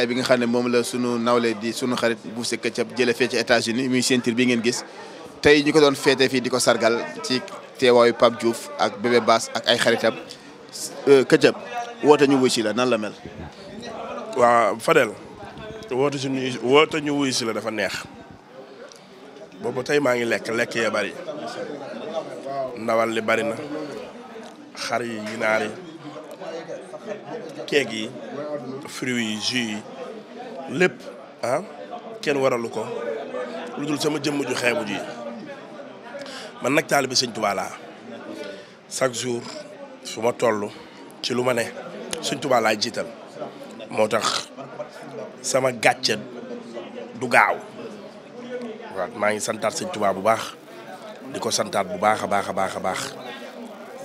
raay bi nga xam ne moom la sunu nawle di sunu xarit Boucher Ketchup jële fee ci États-Unis muy ceinture bi ngeen gis tey ñu ko doon feete fii di ko sargal ci teewaayu Pape juuf ak Bébé baas ak ay xaritam euh, Ketchup woote ñu wuy si nan la mel. waa Fadel woote suñu woote ñu wuy si la dafa neex boobu tey maa ngi lekk lekk yee bari ndawal li bari na xar yi ginaar yi. keeg yi fruits yi jus yi lépp ah kenn waralu ko lu dul sama jëmm ju xeebu ji man nag taalibe Sëñ Tuubaa laa chaque jour suma tollu ci lu ma ne Sëñ Tuubaa jiital moo tax sama gàcce du gaaw waaw maa ngi santaat Sëñ tubaa bu baax di ko santaat bu baax a baax a baax a baax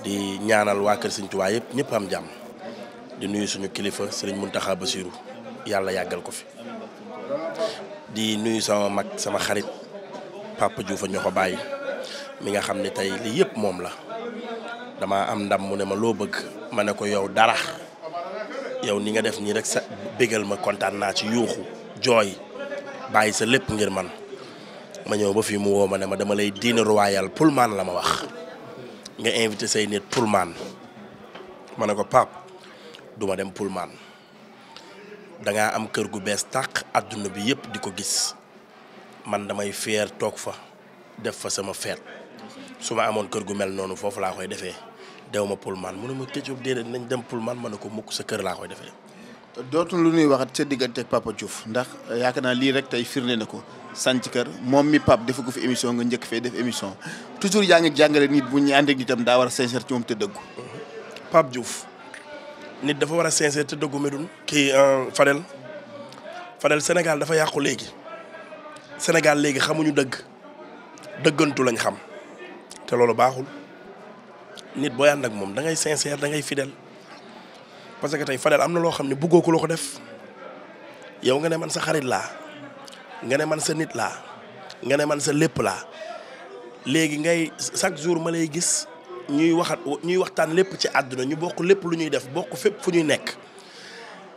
di ñaanal waa kër Sëñ Tuubaa yëpp ñëpp am jàmm di nuyu suñu kilifa sëriñ Muntaxa Basiru yàlla yàggal ko fi di nuyu sama mag sama xarit Papa Diouf ñoo ko bàyyi mi nga xam ne tey lii yëpp moom la dama am ndam mu ne ma loo bëgg ma ne ko yow dara yow ni nga def nii rek sa bégal ma kontaan naa ci yuuxu jooy bàyyi sa lépp ngir man ma ñëw ba fii mu woo ma ne ma dama lay diine royal Pullman la ma wax nga invité say nit Pullman ma ne ko Pape du ma dem Pullman da ngaa am kër gu bees tàq àdduna bi yëpp di ko gis man damay feer toog fa def fa sama feet su ma amoon kër gu mel noonu foofu laa koy defee dew ma Pullman mu ne ma Ketchup déedéet nañ dem Pullman ma ne ko mukk sa kër laa koy defee. dootul lu ñuy waxat sa diggante ak Papa ndax yaakaar naa lii rek tey firnde na ko sànc kër moom mi Pape defu fi émission nga njëkk fee def émission toujours yaa ngi jàngale nit bu ñu ànd ak nitam daa war a sincère ci moom te dëggu Pape nit dafa war a sincère te dëggu Médoune kii euh, Fadel Fadel Sénégal dafa yàqu léegi Sénégal léegi xamuñu dëgg dëggantu lañ xam te loolu baaxul nit boo ànd ak moom dangay ngay sincère da ngay fidèle parce que tey Fadel am na loo xam ne bëggoo ko la ko def yow nga ne man sa xarit laa nga ne man sa nit laa nga ne man sa lépp laa léegi ngay chaque jour ma lay gis. ñuy waxat ñuy waxtaan lépp ci àdduna ñu bokk lépp lu ñuy def bokk fépp fu ñuy nekk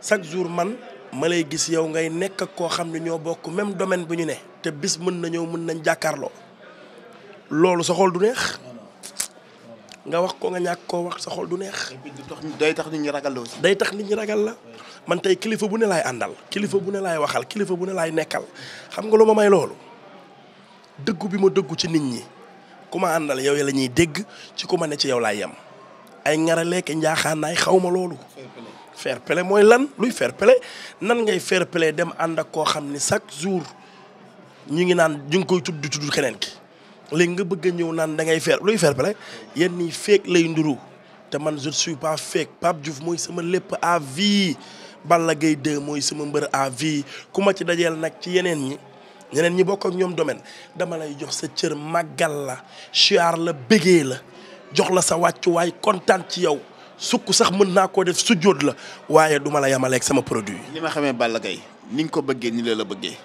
chaque jour man ma lay gis yow ngay nekk koo xam ne ñoo bokk même domaine bu ñu ne te bis mën na ñëw mën nañ jàkkaarloo loolu sa xool du neex nga wax ko nga ñàkk koo wax sa xol du neex. day tax nit ñi ragal la day tax nit ñi ragal la man tey kilifa bu ne laay àndal kilifa bu ne laay waxal kilifa bu ne laay nekkal xam nga lu ma may loolu dëggu bi ma dëggu ci nit ñi. ku ma àndal yow la ñuy dégg ci ku ma ne ci yow laay yem ay ngaraleeke njaaxaanaay xaw ma loolu. fair play mooy lan luy fair play nan ngay fair play dem ànd ak koo xam ni chaque jour ñu ngi naan ñu ngi koy tudd tudd keneen ki léegi nga bëgg a ñëw naan da ngay fair luy fair play yéen nii feeg lay nduru te man je suis pas feek Pape Diouf mooy sama lépp à vie Balla Gaye 2 mooy sama mbër à vie ku ma ci dajeel nag ci yeneen ñi. ñeneen ñi bokk ak ñoom domaine dama lay jox sa cër màggal la siyaar la bégee la jox la sa wàccuwaay kontaan ci yow sukk sax mën naa koo def sujjóot la waaye du ma la yamaleeg sama produit. li ma xamee Balla Gaye ni nga ko bëggee ni la la bëggee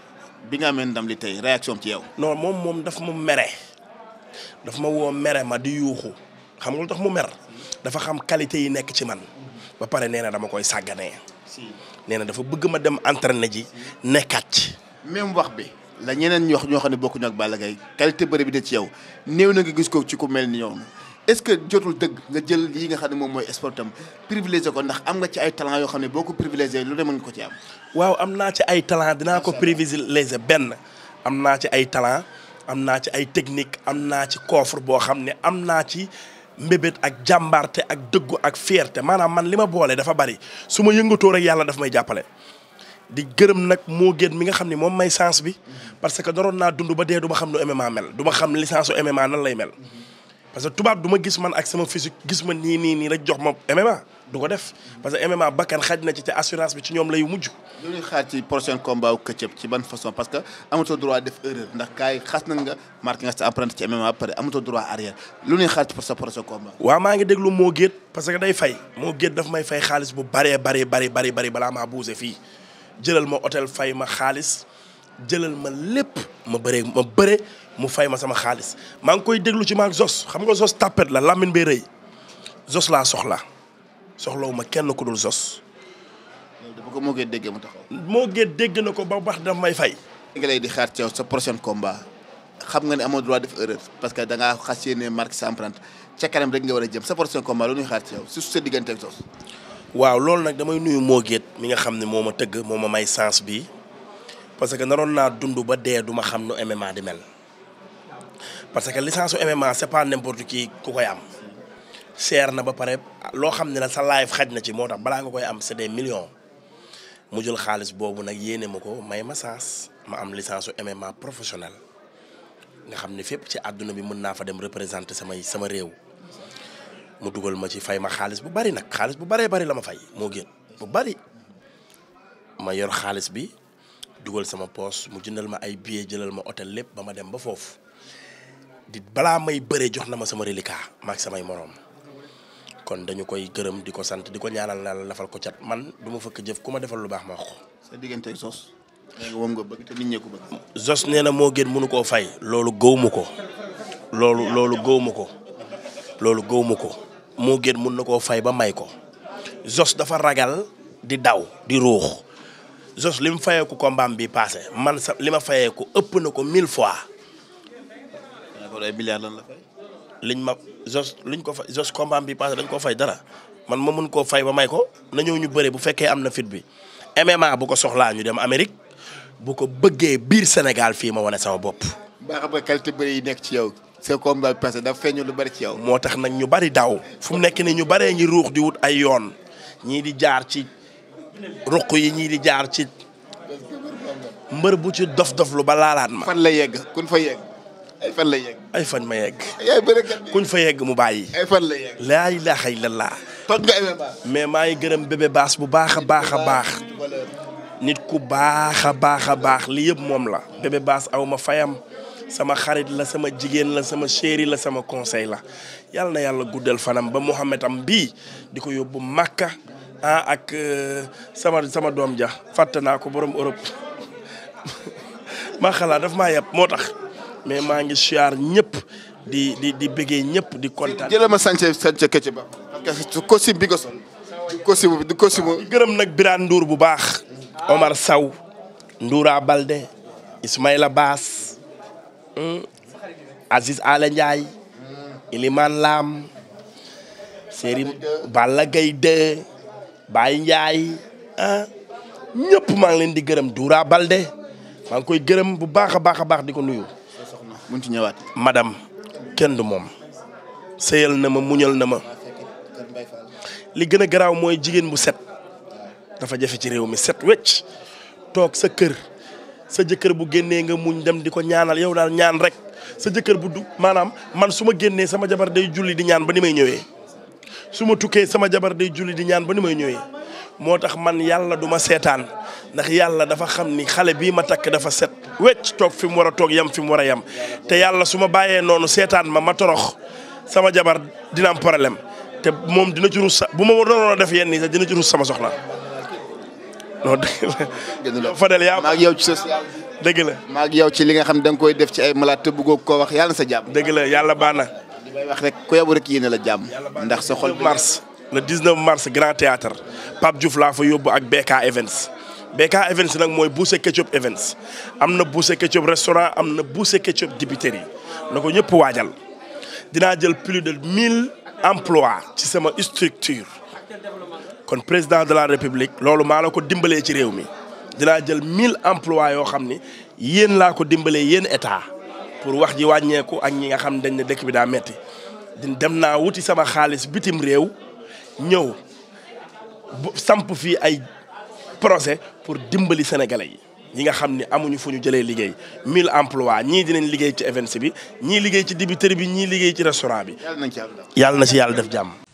bi nga amee ndam li tey réaction ci yow. non moom moom dafa ma mere daf ma woo mere ma di yuuxu xam nga lu tax mu mer dafa xam qualité yi nekk ci man ba pare nee na dama koy sàgganee. nee na dafa bëgg ma dem entraîné ji nekkaat ci. même wax bi. la ñeneen ñu wax ñoo xam ne bokkuñu ak Balla Gaye qualité bëre bi de ci yow néew na nga gis ko ci ku mel ni ñoom est-ce que jotul dëgg nga jël yi nga xam ne moom mooy sportam privilégié ko ndax am nga ci ay talent yoo xam ne boo ko privilégié lu ne mën nga ci am. waaw am naa ci ay talent dinaa ko privilégié benn am naa ci ay talent am naa ci ay technique am naa ci coffre boo xam ne am naa ci. mbébét ak jàmbaarte ak dëgg ak fierté maanaam man li ma boole dafa bari su ma yëngatoo rek yàlla daf may jàppale di gërëm nag moo gën mi nga xam ne moom may sens bi parce que daroon naa dund ba dee du ma xam nu MMA mel du ma xam licence u MMA nan lay mel parce que tubaab du ma gis man ak sama physique gis ma nii nii nii rek jox ma MMA du ko def parce que MMA bakkan xaj na ci te assurance bi ci ñoom lay mujj. lu ñuy xaar ci prochain combat wu Ketchup ci ban façon parce que amatoo droit def erreur ndax kaay xas na nga marqué nga sa empreinte ci MMA pare amatoo droit arrière lu ñuy xaar ci pour sa maa ngi déglu moo géet parce que day fay moo géet daf may fay xaalis bu bëree bëri bëri bëri bëri balaa maa bousee jëlal ma hôtel fay ma xaalis jëlal ma lépp ma bëree ma bëre mu fay ma sama xaalis maa ngi koy déglu ci maak Zos xam nga Zos tapet la Lamine bay rëy Zos laa soxla soxlawu ma kenn ku dul Zos. dafa ko moo gee déggee mu taxaw. moo dégg na ko ba wax daf may fay. nga lay xaar ci yow sa prochain combat xam nga ne amoo droit def erreur parce que da ngaa xas yéene marque sa empreinte ca kanam rek nga war a jëm sa prochain combat lu ñuy xaar ci yow surtout sa diggante waaw loolu nag damay nuyu moo géet mi nga xam ne moo ma tëgg moo ma may sens bi parce que naroon naa dund ba dee du ma xam nu MMA di mel parce que licence su MMA c'est pas n'importe qui ku koy am seer na ba pare loo xam ne la sa live xaj na ci moo tax balaa nga koy am c'est des millions mu jël xaalis boobu nag yéene ma ko may ma sens ma am licence su MMA professionnel nga xam ne fépp ci àdduna bi mën naa fa dem représenter samay sama réew mu dugal ma ci fay ma xaalis bu bari nag xaalis bu baree bari la ma fay moo génn bu bari ma yor xaalis bi dugal sama poos mu jëndal ma ay billet jëlal ma hôtel lépp ba ma dem ba foofu di balaa may bëree jox na ma sama reliquat maak samay moroom kon dañu koy gërëm di ko sant di ko ñaanal naa la lafal ko cat man du ma fëkk jëf ku ma defal lu baax ma wax sa diggante ak Zos. moom nga bëgg te nit ñi nee na moo gën mënu koo fay. loolu gëw ko. loolu loolu gëw ko. loolu gëwuma ko moo gën mun na koo fay ba may ko Zoss dafa ragal di daw di ruux Zoss li mu fayeeku combat bi passé man sax li ma ko ëpp na ko mille fois. ko ay milliards la liñ ma Zoss liñ ko fay Zoss combat bi passé dañ koo fay dara man ma mun koo fay ba may ko na ñëw ñu bëre bu fekkee am na fit bi MMA bu ko soxlaa ñu dem amerique bu ko bëggee biir Sénégal fii ma wane sama bopp. baax ba qualité bëre yi nekk ci yow sa combat bi passé dafa lu bari ci yow. moo tax nag ñu bari daw fu mu nekk ni ñu baree ngi ruux di wut ay yoon ñii di jaar ci ruq yi ñii di jaar ci mbër bu ci dof-dof lu ba laalaat ma. yegg kun fa yegg. ay fan ay fan ma yegg. kuñ fa yegg mu bàyyi. ay fan la laa ilaaha illallaah. mais maa ngi gërëm bébé baas bu baax a baax a baax. nit ku baax a baax a baax li yëpp moom la. bébé baas aw ma fayam. sama xarit la sama jigéen la sama chéri la sama conseil la yàlla na yàlla guddal fanam ba Mouhamed am bii di ko yóbbu Màkka ah, ak euh, sama sama doom ja fàtte naa ko borom Europe ma xalaat daf maa yàpp moo tax mais maa ngi siyaar ñëpp di di di bëggee ñëpp di kontaan. jëlee ma sànce sànce këcc ba parce que gërëm nag Birane nduur bu baax Omar Sow Ndoura Balde Ismaïla Baas Hmm. Aziz Ala Ndiaye Ilimane Lam Serigne Balla Gaye 2 Baye ah ñëpp maa ngi leen di gërëm Doura Balde maa ngi koy gërëm bu baax a baax a baax di ko nuyu. mun ci ñëwaat. madame kenn du moom sëyal na ma muñal na ma li gën a garaaw mooy jigéen bu set dafa jafe ci réew mi set wecc toog sa kër. sa jëkkër bu génnee nga muñ dem di ko ñaanal yow daal ñaan rek sa jëkkër bu dugg maanaam man su ma génnee sama jabar day julli di ñaan ba ni may ñëwee su ma tukkee sama jabar day julli di ñaan ba ni may ñëwee moo tax man yàlla duma seetaan ndax yàlla dafa xam ni xale bii ma takk dafa set wecc toog fi mu war a toog yam fi mu war a yam te yàlla su ma bàyyee noonu seetaan ma ma torox sama jabar dina am problème te moom dina ci sa bu ma waroon def yenn yi sax dina ci sama soxla non fa la Fadel yaa ma ak ci la ma yow ci li nga xam da nga koy def ci ay malaat te bëggoo ko wax yàlla na sa jàmm. dëgg la yàlla baax na. li may wax rek ku yabu rek la jàmm. ndax sa xol mars le 19 mars grand théâtre Pape Diouf laa fa yóbbu ak BK Events. BK Events nag mooy Boucher Ketchup Events am na Boucher Ketchup restaurant am na Boucher Ketchup dibiterie na ko ñëpp waajal dinaa jël plus de 1000 emplois ci sama structure. kon président de la république loolu maa la ko dimbalee ci réew mi dinaa jël mille emplois yoo xam ni yéen laa ko dimbalee yéen état pour wax ji wàññeeku ak ñi nga xam dañ ne dëkk bi daa metti di dem naa wuti sama xaalis bitim réew ñëw samp fii ay projet pour dimbali sénégalais yi ñi nga xam ni amuñu fu ñu jëlee liggéey mille emplois ñii dinañ liggéey ci events bi ñii liggéey ci dibiteri bi ñii liggéey ci restaurant bi. yàlla na ci yàlla def jàmm.